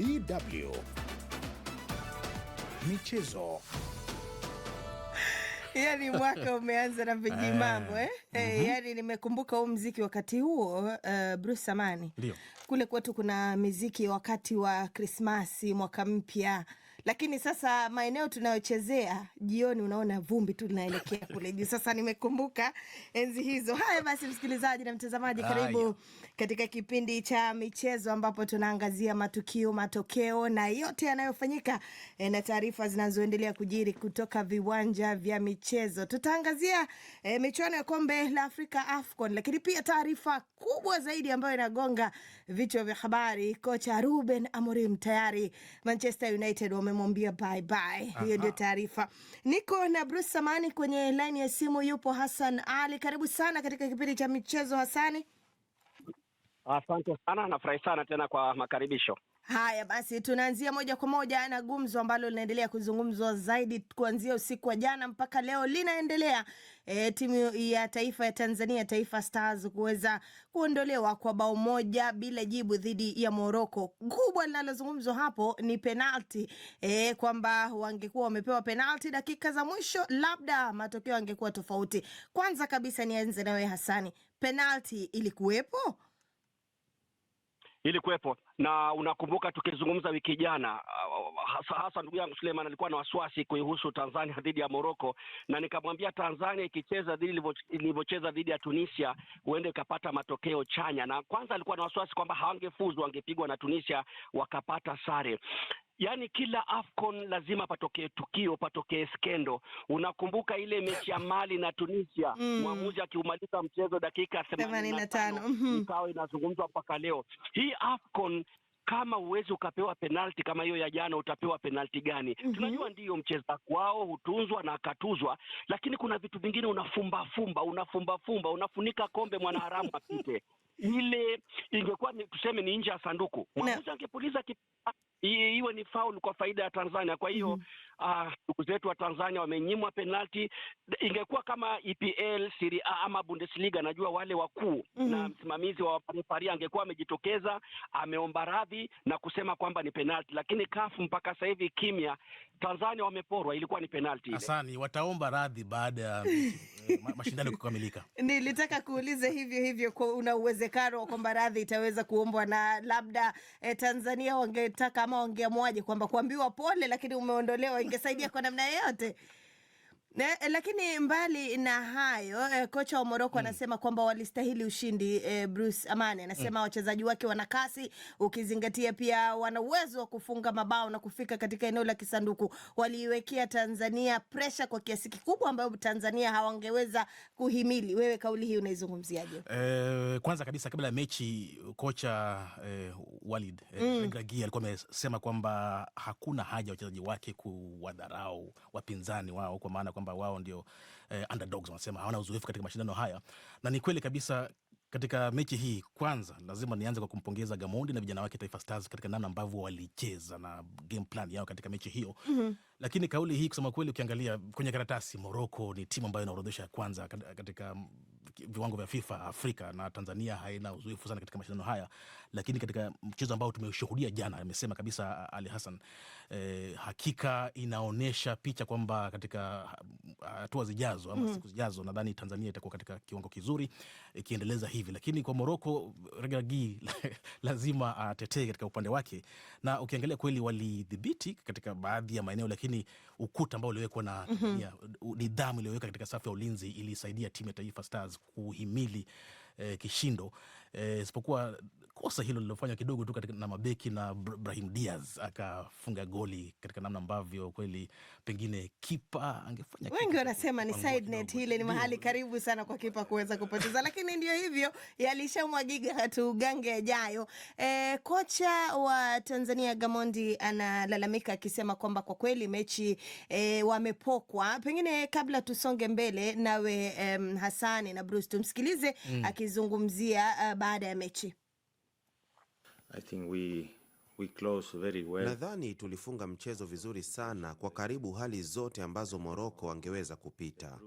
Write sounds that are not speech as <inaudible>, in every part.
DW Michezo. Yaani mwaka umeanza na viji mambo eh? mm -hmm. Yaani nimekumbuka huu mziki wakati huo uh, Bruce Samani, kule kwetu kuna miziki wakati wa Krismasi, mwaka mpya lakini sasa maeneo tunayochezea jioni, unaona vumbi tu linaelekea kule juu. Sasa nimekumbuka enzi hizo. Haya basi, msikilizaji na mtazamaji, karibu katika kipindi cha michezo ambapo tunaangazia matukio, matokeo na yote yanayofanyika e, na taarifa zinazoendelea kujiri kutoka viwanja vya michezo. Tutaangazia e, michuano ya kombe la Afrika AFCON, lakini pia taarifa kubwa zaidi ambayo inagonga vichwa vya habari, kocha Ruben Amorim tayari Manchester United wame wamemwambia bye bye. Hiyo ndio taarifa. Niko na Bruce Samani kwenye line ya simu, yupo Hassan Ali. Karibu sana katika kipindi cha michezo Hasani. Asante sana, nafurahi sana tena kwa makaribisho. Haya basi, tunaanzia moja kwa moja na gumzo ambalo linaendelea kuzungumzwa zaidi kuanzia usiku wa jana mpaka leo linaendelea. E, timu ya taifa ya Tanzania Taifa Stars kuweza kuondolewa kwa bao moja bila jibu dhidi ya Morocco. Kubwa linalozungumzwa hapo ni penalti e, kwamba wangekuwa wamepewa penalti dakika za mwisho, labda matokeo angekuwa tofauti. Kwanza kabisa nianze nawe Hasani, penalti ilikuwepo? ili kuwepo na unakumbuka, tukizungumza wiki jana uh, hasa, hasa ndugu yangu Suleiman alikuwa na wasiwasi kuihusu Tanzania <laughs> dhidi ya Moroko, na nikamwambia Tanzania ikicheza dhidi ilivyocheza dhidi ya Tunisia huende ikapata matokeo chanya, na kwanza alikuwa na wasiwasi kwamba hawangefuzu, wangepigwa na Tunisia wakapata sare yani kila AFCON lazima patokee tukio, patokee skendo. Unakumbuka ile mechi ya Mali na Tunisia mm. mwamuzi akiumaliza mchezo dakika 85 ikawa mm-hmm. inazungumzwa mpaka leo hii AFCON kama uwezi ukapewa penalti kama hiyo ya jana, utapewa penalti gani? mm -hmm. Tunajua ndiyo mcheza kwao hutunzwa na akatuzwa, lakini kuna vitu vingine unafumbafumba, unafumbafumba, unafunika kombe mwanaharamu apite <laughs> ile ingekuwa ni tuseme ni nje ya sanduku, mwamuzi angepuliza iwe ni faul kwa faida ya Tanzania. Kwa hiyo mhm. ah, ndugu mm -hmm. uh, zetu wa Tanzania wamenyimwa penalti. Ingekuwa kama EPL, siria ama Bundesliga, najua wale wakuu mm -hmm. na mhm. msimamizi wa refaria angekuwa amejitokeza ameomba radhi na kusema kwamba ni penalti, lakini kafu mpaka sasa hivi kimya. Tanzania wameporwa, ilikuwa ni penalti. wataomba radhi baada ya <laughs> eh, mashindano kukamilika. Nilitaka kuuliza hivyo hivyo, kwa una uwezekano uwezekano kwamba radhi itaweza kuombwa na labda eh, Tanzania wangetaka ama wangeamuaje kwamba kuambiwa pole, lakini umeondolewa, ingesaidia kwa namna yeyote. Ne, lakini mbali na hayo eh, kocha wa Morocco hmm. anasema kwamba walistahili ushindi eh, Bruce Amani anasema mm. wachezaji wake wana kasi, ukizingatia pia wana uwezo wa kufunga mabao na kufika katika eneo la kisanduku. Waliiwekea Tanzania presha kwa kiasi kikubwa ambayo Tanzania hawangeweza kuhimili. Wewe kauli hii unaizungumziaje? Eh, kwanza kabisa kabla ya mechi kocha eh, Walid eh, mm. alikuwa amesema kwamba hakuna haja wachezaji wake kuwadharau wapinzani wao kwa maana kwamba wao ndio eh, underdogs, wanasema hawana uzoefu katika mashindano haya, na ni kweli kabisa. Katika mechi hii kwanza, lazima nianze kwa kumpongeza Gamondi na vijana wake Taifa Stars katika namna ambavyo walicheza na game plan yao katika mechi hiyo mm -hmm. Lakini kauli hii kusema kweli, ukiangalia kwenye karatasi, Morocco ni timu ambayo inaorodhesha ya kwanza katika viwango vya FIFA Afrika, na Tanzania haina uzoefu sana katika mashindano haya, lakini katika mchezo ambao tumeshuhudia jana, amesema kabisa Ali Hassan eh, hakika inaonyesha picha kwamba katika ah, hatua zijazo ama mm siku zijazo nadhani Tanzania itakuwa katika kiwango kizuri ikiendeleza eh, hivi, lakini kwa Moroko Regragui <laughs> lazima atetee katika upande wake, na ukiangalia kweli walidhibiti katika baadhi ya maeneo, lakini ukuta ambao uliwekwa na mm -hmm. nidhamu iliyoweka katika safu ya ulinzi ilisaidia timu ya Taifa Stars kuhimili eh, kishindo eh, isipokuwa eh, kosa hilo lilofanywa kidogo tu na mabeki na Brahim Diaz akafunga goli katika namna ambavyo kweli pengine kipa angefanya. Wengi wanasema ni side net, ile ni mahali karibu sana kwa kipa kuweza kupoteza, lakini ndio hivyo, yalishamwagiga tugange yajayo. E, kocha wa Tanzania Gamondi analalamika akisema kwamba kwa kweli mechi e, wamepokwa. Pengine kabla tusonge mbele nawe, um, Hasani na Bruce tumsikilize mm, akizungumzia uh, baada ya mechi. I think we, we close very well. Nadhani tulifunga mchezo vizuri sana kwa karibu hali zote ambazo Moroko wangeweza kupita.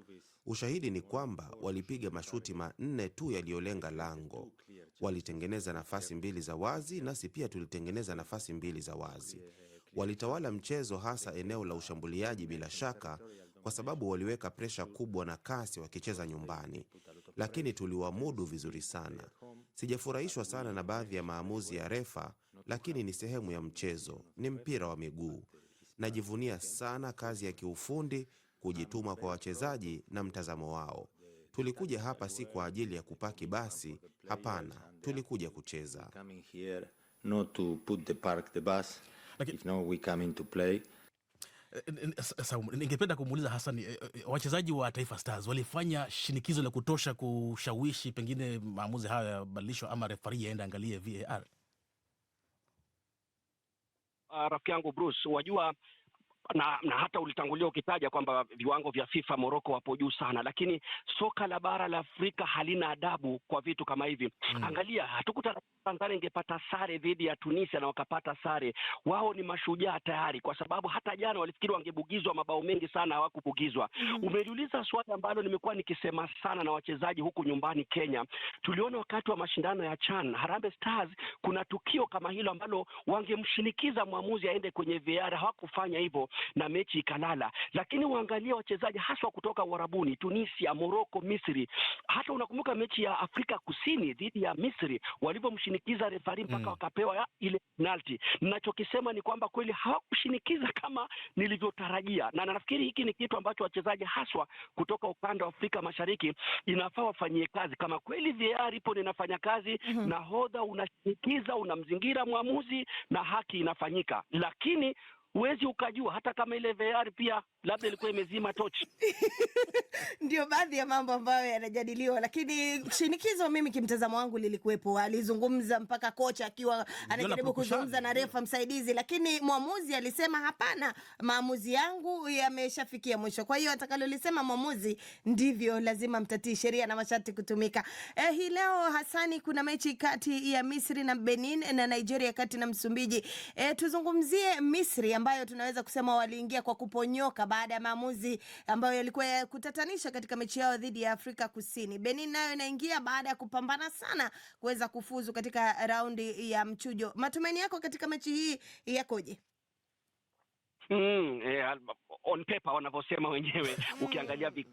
Ushahidi ni kwamba walipiga mashuti manne tu yaliyolenga lango. Walitengeneza nafasi mbili za wazi, nasi pia tulitengeneza nafasi mbili za wazi. Walitawala mchezo hasa eneo la ushambuliaji bila shaka, kwa sababu waliweka presha kubwa na kasi wakicheza nyumbani, lakini tuliwamudu vizuri sana. Sijafurahishwa sana na baadhi ya maamuzi ya refa, lakini ni sehemu ya mchezo, ni mpira wa miguu. Najivunia sana kazi ya kiufundi, kujituma kwa wachezaji na mtazamo wao. Tulikuja hapa si kwa ajili ya kupaki basi, hapana, tulikuja kucheza. play ningependa kumuuliza Hasani, eh, eh, wachezaji wa Taifa Stars walifanya shinikizo la kutosha kushawishi pengine maamuzi hayo yabadilishwa ama refari yaenda angalie VAR? Uh, ah, rafiki yangu Bruce, wajua na, na hata ulitangulia ukitaja kwamba viwango vya FIFA Moroko wapo juu sana, lakini soka la bara la Afrika halina adabu kwa vitu kama hivi mm. Angalia, hatukuta Tanzania ingepata sare dhidi ya Tunisia na wakapata sare. Wao ni mashujaa tayari, kwa sababu hata jana walifikiri wangebugizwa mabao mengi sana, hawakubugizwa mm. Umeliuliza swali ambalo nimekuwa nikisema sana na wachezaji huku nyumbani Kenya. Tuliona wakati wa mashindano ya CHAN Harambee Stars kuna tukio kama hilo ambalo wangemshinikiza mwamuzi aende kwenye VAR, hawakufanya hivyo na mechi ikalala. Lakini waangalie wachezaji haswa kutoka Warabuni, Tunisia, moroko Misri. Hata unakumbuka mechi ya Afrika Kusini dhidi ya Misri walivyomshinikiza refari mpaka mm. wakapewa ile penalti. Ninachokisema ni kwamba kweli hawakushinikiza kama nilivyotarajia, na nafikiri hiki ni kitu ambacho wachezaji haswa kutoka upande wa Afrika Mashariki inafaa wafanyie kazi. Kama kweli VAR ipo ninafanya kazi mm -hmm. nahodha unashinikiza, unamzingira mwamuzi na haki inafanyika, lakini huwezi ukajua, hata kama ile VR pia labda ilikuwa imezima tochi. <laughs> Ndio baadhi ya mambo ambayo yanajadiliwa, lakini shinikizo, mimi kimtazamo wangu, lilikuwepo. Alizungumza mpaka kocha akiwa anajaribu kuzungumza na refa msaidizi, lakini mwamuzi alisema hapana, maamuzi yangu yameshafikia mwisho. Kwa hiyo atakalolisema mwamuzi ndivyo lazima mtatii sheria na masharti kutumika. Eh, hii leo Hasani, kuna mechi kati ya Misri na Benin na Nigeria kati na Msumbiji. Eh, tuzungumzie Misri ambayo tunaweza kusema waliingia kwa kuponyoka baada ya maamuzi ambayo yalikuwa ya kutatanisha katika mechi yao dhidi ya Afrika Kusini. Benin nayo inaingia baada ya kupambana sana kuweza kufuzu katika raundi ya mchujo. Matumaini yako katika mechi hii yakoje? Mm, yeah, on paper wanavyosema wenyewe <laughs> ukiangalia viki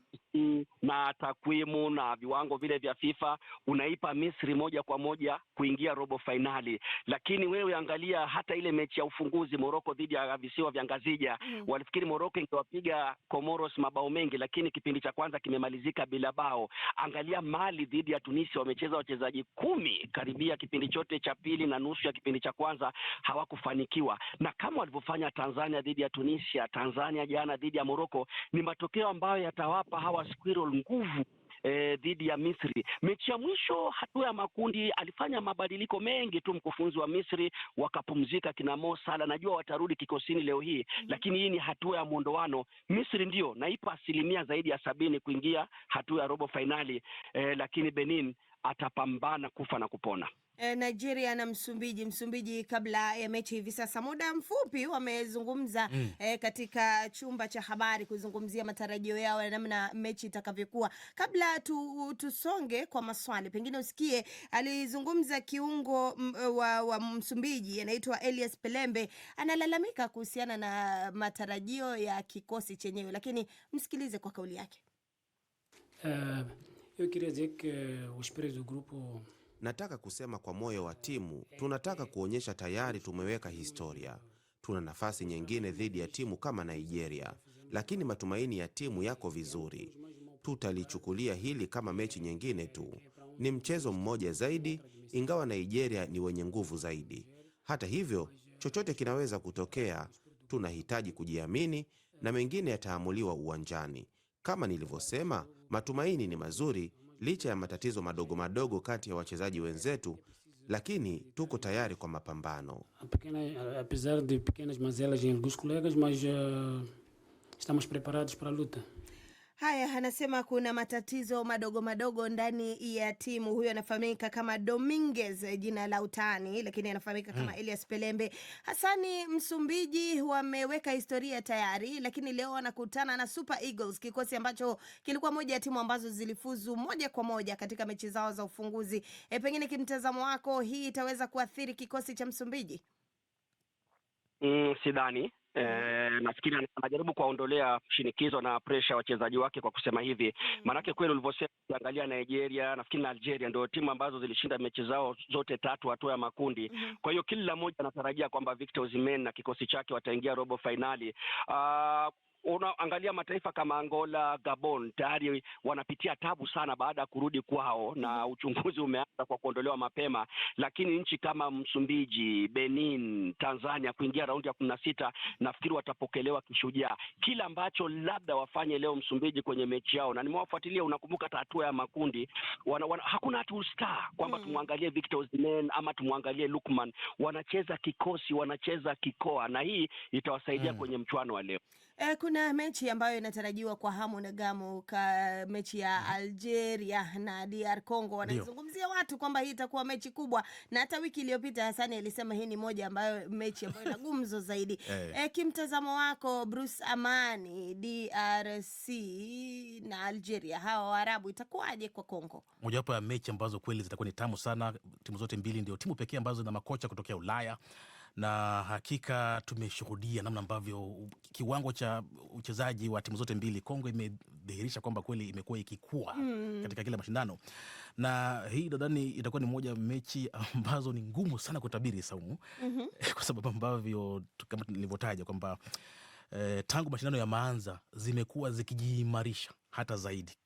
na takwimu na viwango vile vya FIFA unaipa Misri moja kwa moja kuingia robo fainali, lakini wewe angalia hata ile mechi ya ufunguzi Morocco dhidi ya visiwa vya Ngazija mm. Walifikiri Morocco ingewapiga Comoros mabao mengi, lakini kipindi cha kwanza kimemalizika bila bao. Angalia Mali dhidi ya Tunisia, wamecheza wachezaji kumi karibia kipindi chote cha pili na nusu ya kipindi cha kwanza hawakufanikiwa, na kama walivyofanya Tanzania dhidi ya Tunisia. Tanzania jana dhidi ya Morocco ni matokeo ambayo yatawapa hawa Squirrel nguvu E, dhidi ya Misri. Mechi ya mwisho hatua ya makundi alifanya mabadiliko mengi tu mkufunzi wa Misri, wakapumzika kina Mo Salah. Najua watarudi kikosini leo hii mm -hmm. Lakini hii ni hatua ya mwondoano. Misri ndio naipa asilimia zaidi ya sabini kuingia hatua ya robo fainali e, eh, lakini Benin atapambana kufa na kupona. Eh, Nigeria na Msumbiji. Msumbiji kabla ya mechi hivi sasa muda mfupi wamezungumza mm. eh, katika chumba cha habari kuzungumzia matarajio yao na namna mechi itakavyokuwa. Kabla tu, tusonge kwa maswali, pengine usikie alizungumza kiungo wa, wa Msumbiji anaitwa Elias Pelembe, analalamika kuhusiana na matarajio ya kikosi chenyewe, lakini msikilize kwa kauli yake. Uh, eh, eu queria dizer que do grupo Nataka kusema kwa moyo wa timu, tunataka kuonyesha tayari tumeweka historia. Tuna nafasi nyingine dhidi ya timu kama Nigeria, lakini matumaini ya timu yako vizuri. Tutalichukulia hili kama mechi nyingine tu. Ni mchezo mmoja zaidi, ingawa Nigeria ni wenye nguvu zaidi. Hata hivyo, chochote kinaweza kutokea. Tunahitaji kujiamini na mengine yataamuliwa uwanjani. Kama nilivyosema, matumaini ni mazuri, Licha ya matatizo madogo madogo kati ya wachezaji wenzetu, lakini tuko tayari kwa mapambano. Apesar de pequenas mazelas em alguns colegas, mas eh, estamos preparados para a luta. Haya, anasema kuna matatizo madogo madogo ndani ya timu. Huyo anafahamika kama Dominguez, jina la utani, lakini anafahamika kama hmm, Elias Pelembe. Hasani Msumbiji wameweka historia tayari, lakini leo wanakutana na Super Eagles, kikosi ambacho kilikuwa moja ya timu ambazo zilifuzu moja kwa moja katika mechi zao za ufunguzi. E, pengine kimtazamo wako hii itaweza kuathiri kikosi cha Msumbiji? Mm, sidhani Mm-hmm. Eh, nafikiri anajaribu kuwaondolea shinikizo na presha wachezaji wake kwa kusema hivi mm-hmm. Maanake kweli ulivyosema, ukiangalia Nigeria nafikiri na Algeria ndio timu ambazo zilishinda mechi zao zote tatu hatua ya makundi mm. Kwa hiyo kila mmoja anatarajia kwamba Victor zimen na kikosi chake wataingia robo fainali. Ah, unaangalia mataifa kama Angola, Gabon tayari wanapitia tabu sana baada ya kurudi kwao, na mhm. uchunguzi umeanza kwa kuondolewa mapema, lakini nchi kama Msumbiji, Benin, Tanzania kuingia raundi ya kumi na sita nafikiri watapokelewa kishujaa. Kila ambacho labda wafanye leo Msumbiji kwenye mechi yao, na nimewafuatilia, unakumbuka hatua ya makundi wana, wana, hakuna hatu star kwamba mm, tumwangalie Victor Osimhen ama tumwangalie Lukman, wanacheza kikosi, wanacheza kikoa, na hii itawasaidia mm, kwenye mchuano wa leo. E, kuna mechi ambayo inatarajiwa kwa hamu na gamu ka mechi ya mhm. Algeria na DR Congo. wanazungumzia watu kwamba hii itakuwa mechi kubwa, na hata wiki iliyopita Hasani alisema hii ni moja ambayo mechi ambayo ina gumzo zaidi. <laughs> E, kimtazamo wako Bruce Amani, DRC na Algeria hawa Waarabu, itakuwaje kwa Congo? Mojawapo ya mechi ambazo kweli zitakuwa ni tamu sana. Timu zote mbili ndio timu pekee ambazo zina makocha kutokea Ulaya na hakika tumeshuhudia namna ambavyo kiwango cha uchezaji wa timu zote mbili, Kongo imedhihirisha kwamba kweli imekuwa ikikua mm. katika kila mashindano, na hii nadhani itakuwa ni moja mechi ambazo ni ngumu sana kutabiri Saumu mm -hmm. <laughs> kwa sababu ambavyo kama nilivyotaja kwamba eh, tangu mashindano ya maanza zimekuwa zikijiimarisha hata zaidi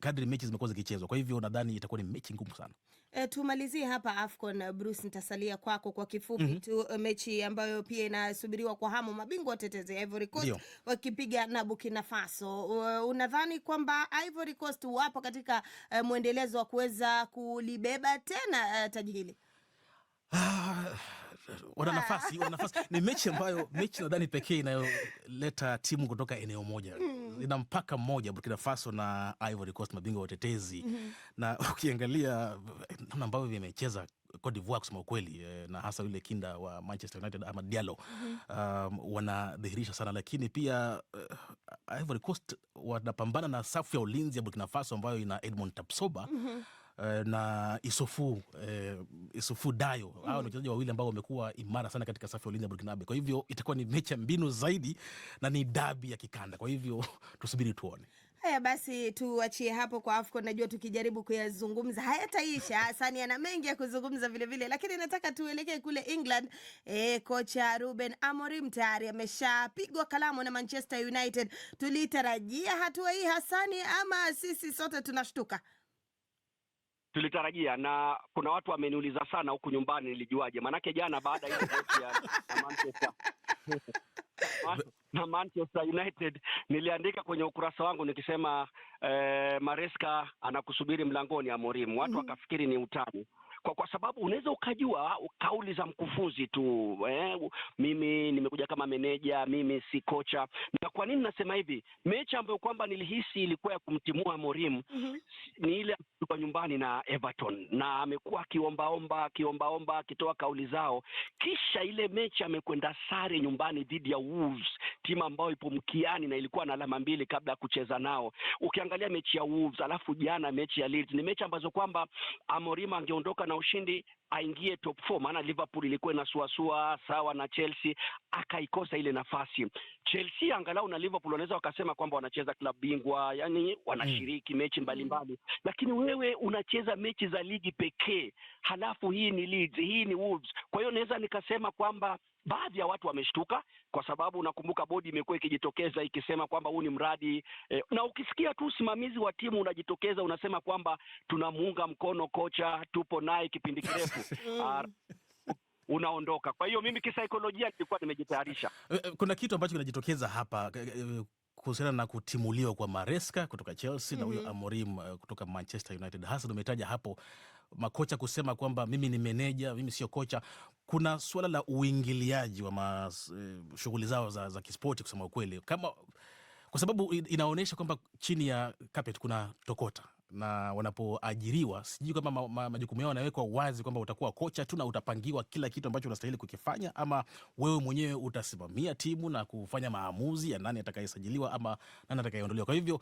kadri mechi zimekuwa zikichezwa. Kwa hivyo nadhani itakuwa ni mechi ngumu sana. E, tumalizie hapa AFCON eh, Bruce, nitasalia kwako kwa kifupi mm -hmm. tu eh, mechi ambayo pia inasubiriwa kwa hamu, mabingwa watetezi Ivory Coast wakipiga na Burkina Faso. Unadhani kwamba Ivory Coast wapo katika e, mwendelezo wa kuweza kulibeba tena e, taji hili? Ah, wana ah. nafasi, wana nafasi. Ni mechi ambayo mechi nadhani pekee inayoleta timu kutoka eneo moja mm. Ina mpaka mmoja Burkina Faso na Ivory Coast, mabingwa watetezi mm. Na ukiangalia namna ambavyo vimecheza Cote d'Ivoire kusema ukweli eh, na hasa yule kinda wa Manchester United Amad Diallo mm -hmm. um, wanadhihirisha sana, lakini pia uh, Ivory Coast wanapambana na safu ya ulinzi ya Burkina Faso ambayo ina Edmond Tapsoba mm -hmm. Eh, na Isofu eh, Isofu Dayo mm. Hao ni mm. wachezaji wawili ambao wamekuwa imara sana katika safu ya ulinzi ya Burkinabe. Kwa hivyo itakuwa ni mechi ya mbinu zaidi na ni dabi ya kikanda, kwa hivyo <laughs> tusubiri tuone. Haya basi, tuachie hapo kwa AFCON. Najua tukijaribu kuyazungumza hayataisha. <laughs> Hasani ana mengi ya kuzungumza vile vile, lakini nataka tuelekee kule England. E, kocha Ruben Amorim tayari ameshapigwa kalamu na Manchester United. Tulitarajia hatua hii Hasani ama sisi sote tunashtuka? tulitarajia na kuna watu wameniuliza sana huku nyumbani nilijuaje, maanake jana baada ya na Manchester na Manchester United niliandika kwenye ukurasa wangu nikisema eh, mareska anakusubiri mlangoni amorimu watu mhm. wakafikiri ni utani kwa, kwa sababu unaweza ukajua kauli za mkufunzi tu eh, mimi nimekuja kama meneja, mimi si kocha. Na kwa nini nasema hivi? Mechi ambayo kwamba nilihisi ilikuwa ya kumtimua Morim mm -hmm. ni ile kwa nyumbani na Everton, na amekuwa akiombaomba akiombaomba akitoa kauli zao, kisha ile mechi amekwenda sare nyumbani dhidi ya Wolves, timu ambayo ipo mkiani na ilikuwa na alama mbili kabla ya kucheza nao. Ukiangalia mechi ya Wolves alafu jana mechi ya Leeds, ni mechi ambazo kwamba Amorim angeondoka na ushindi aingie top 4 maana Liverpool ilikuwa inasuasua sawa na Chelsea, akaikosa ile nafasi. Chelsea angalau na Liverpool wanaweza wakasema kwamba wanacheza klabu bingwa, yani wanashiriki mm. mechi mbalimbali lakini wewe unacheza mechi za ligi pekee, halafu hii ni Leeds, hii ni Wolves. Kwa hiyo naweza nikasema kwamba baadhi ya watu wameshtuka, kwa sababu unakumbuka bodi imekuwa ikijitokeza ikisema kwamba huu ni mradi e, na ukisikia tu usimamizi wa timu unajitokeza unasema kwamba tunamuunga mkono kocha, tupo naye kipindi kirefu <laughs> unaondoka. Kwa hiyo mimi kisaikolojia nilikuwa nimejitayarisha. Eh, eh, kuna kitu ambacho kinajitokeza hapa kuhusiana na kutimuliwa kwa Maresca kutoka Chelsea mm -hmm. na huyo mhm. Amorim kutoka Manchester United. hasan umetaja hapo makocha kusema kwamba mimi ni meneja, mimi sio kocha. Kuna suala la uingiliaji wa eh, shughuli zao za, za kispoti kusema ukweli, kama kwa sababu inaonyesha kwamba chini ya carpet kuna tokota na wanapoajiriwa sijui kama ma, ma, majukumu yao yanawekwa wazi kwamba utakuwa kocha tu na utapangiwa kila kitu ambacho unastahili kukifanya, ama wewe mwenyewe utasimamia timu na kufanya maamuzi ya nani atakayesajiliwa ama nani atakayeondolewa. Kwa hivyo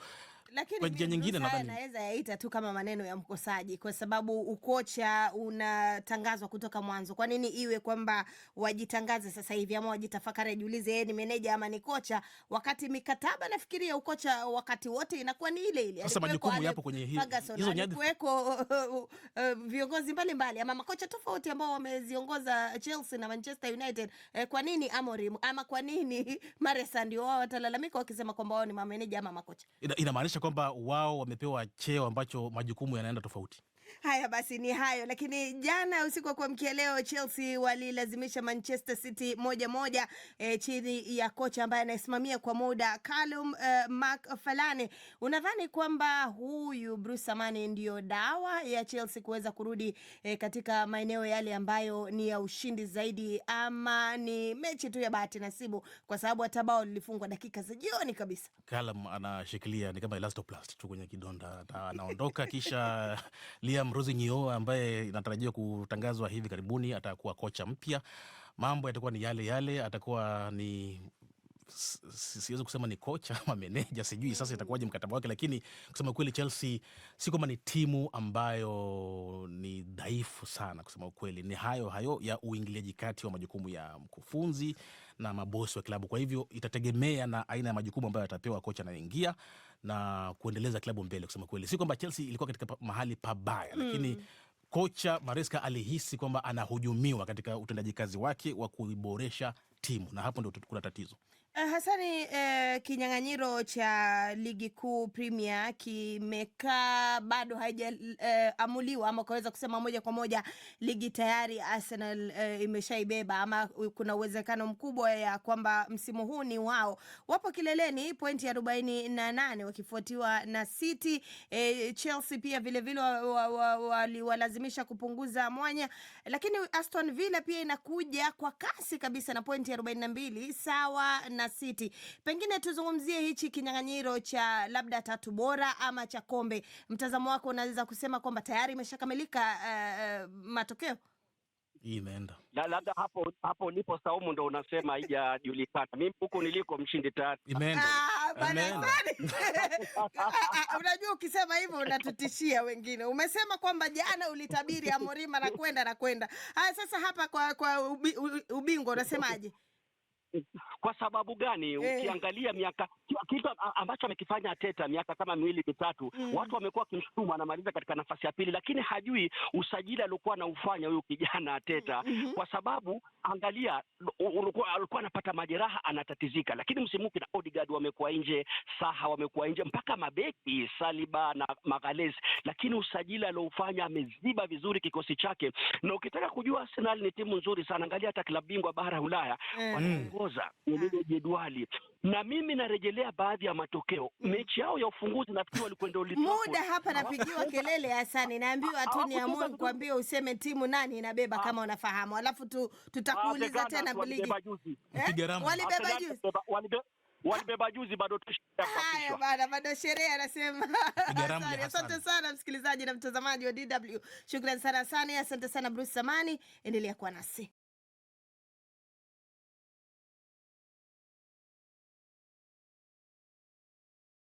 kwa njia nyingine nadhani naweza yaita tu kama maneno ya mkosaji, kwa sababu ukocha unatangazwa kutoka mwanzo. Kwa nini iwe kwamba wajitangaze sasa hivi ama wajitafakari, ajiulize yeye eh, ni meneja ama ni kocha, wakati mikataba nafikiria ukocha wakati wote inakuwa ni ile ile. Sasa majukumu yapo kwenye hizo nyadhi, kuweko <laughs> eh, viongozi mbalimbali ama makocha tofauti ambao wameziongoza Chelsea na Manchester United. Eh, kwa nini Amorim ama kwa nini <laughs> Maresa ndio wao watalalamika wakisema kwamba wao ni mameneja ama makocha? Ina, Inamaanisha kwamba wao wamepewa cheo ambacho majukumu yanaenda tofauti? Haya basi, ni hayo. Lakini jana usiku wa kuamkia leo, Chelsea walilazimisha Manchester City moja moja, e, chini ya kocha ambaye anasimamia kwa muda Callum e, Macfarlane. Unadhani kwamba huyu Bruce Amani ndio dawa ya Chelsea kuweza kurudi e, katika maeneo yale ambayo ni ya ushindi zaidi, ama ni mechi tu ya bahati nasibu, kwa sababu hata bao lilifungwa dakika za jioni kabisa. Callum anashikilia ni kama elastoplast tu kwenye kidonda, anaondoka kisha <laughs> William Mrozi Nyio ambaye inatarajiwa kutangazwa hivi karibuni atakuwa kocha mpya. Mambo yatakuwa ni yale yale, atakuwa ni siwezi kusema ni kocha ama meneja, sijui sasa itakuwaje mkataba wake, lakini kusema kweli, Chelsea si kwamba ni timu ambayo ni dhaifu sana. Kusema ukweli, ni hayo hayo ya uingiliaji kati wa majukumu ya mkufunzi na mabosi wa klabu. Kwa hivyo itategemea na aina ya majukumu ambayo atapewa kocha anayoingia na kuendeleza klabu mbele. Kusema kweli, si kwamba Chelsea ilikuwa katika mahali pabaya, lakini mm. Kocha Maresca alihisi kwamba anahujumiwa katika utendaji kazi wake wa kuiboresha timu na hapo ndio kuna tatizo. Hasani, eh, kinyang'anyiro cha ligi kuu Premier kimekaa bado haijaamuliwa eh, ama ukaweza kusema moja kwa moja ligi tayari Arsenal eh, imeshaibeba ama kuna uwezekano mkubwa ya kwamba msimu huu ni wao. Wapo kileleni pointi arobaini na nane wakifuatiwa na City eh, Chelsea pia vilevile waliwalazimisha wa, wa, wa, kupunguza mwanya, lakini Aston Villa pia inakuja kwa kasi kabisa na pointi arobaini na mbili sawa na na City. Pengine tuzungumzie hichi kinyang'anyiro cha labda tatu bora ama cha kombe, mtazamo wako unaweza kusema kwamba tayari imeshakamilika uh, matokeo imeenda na labda hapo hapo nipo Saumu ndo unasema haijajulikana. Mimi huku niliko mshindi tayari imeenda. Ah, <laughs> Unajua, ukisema hivyo unatutishia wengine. Umesema kwamba jana ulitabiri Amorima na kwenda na kwenda. Haya, sasa hapa kwa kwa ubi, ubingwa unasemaje? Kwa sababu gani? Hey. Eh. Ukiangalia miaka kitu ambacho amekifanya Ateta miaka kama miwili mitatu, mm. watu wamekuwa wakimshtuma anamaliza katika nafasi ya pili, lakini hajui usajili aliokuwa anaufanya huyu kijana Ateta, mm -hmm. kwa sababu angalia, alikuwa anapata majeraha anatatizika, lakini msimu huu kina Odegaard wamekuwa nje, Saha wamekuwa nje, mpaka mabeki Saliba na Magalhaes, lakini usajili alioufanya ameziba vizuri kikosi chake, na ukitaka kujua Arsenal ni timu nzuri sana, angalia hata klabu bingwa bara Ulaya, mm kuongoza lile jedwali na mimi narejelea baadhi ya matokeo mm. Mechi yao ya ufunguzi nafikiri walikwenda muda hapa, napigiwa kelele Hasani, naambiwa tu niamue kuambia useme timu nani inabeba ha. Ah. Kama unafahamu alafu tu, tutakuuliza tena ligi walibeba juzi eh? walibeba juzi bado haya bana, bado sherehe anasema. Asante sana msikilizaji na mtazamaji wa DW, shukrani sana Hasani, asante sana Bruce Samani, endelea kuwa nasi.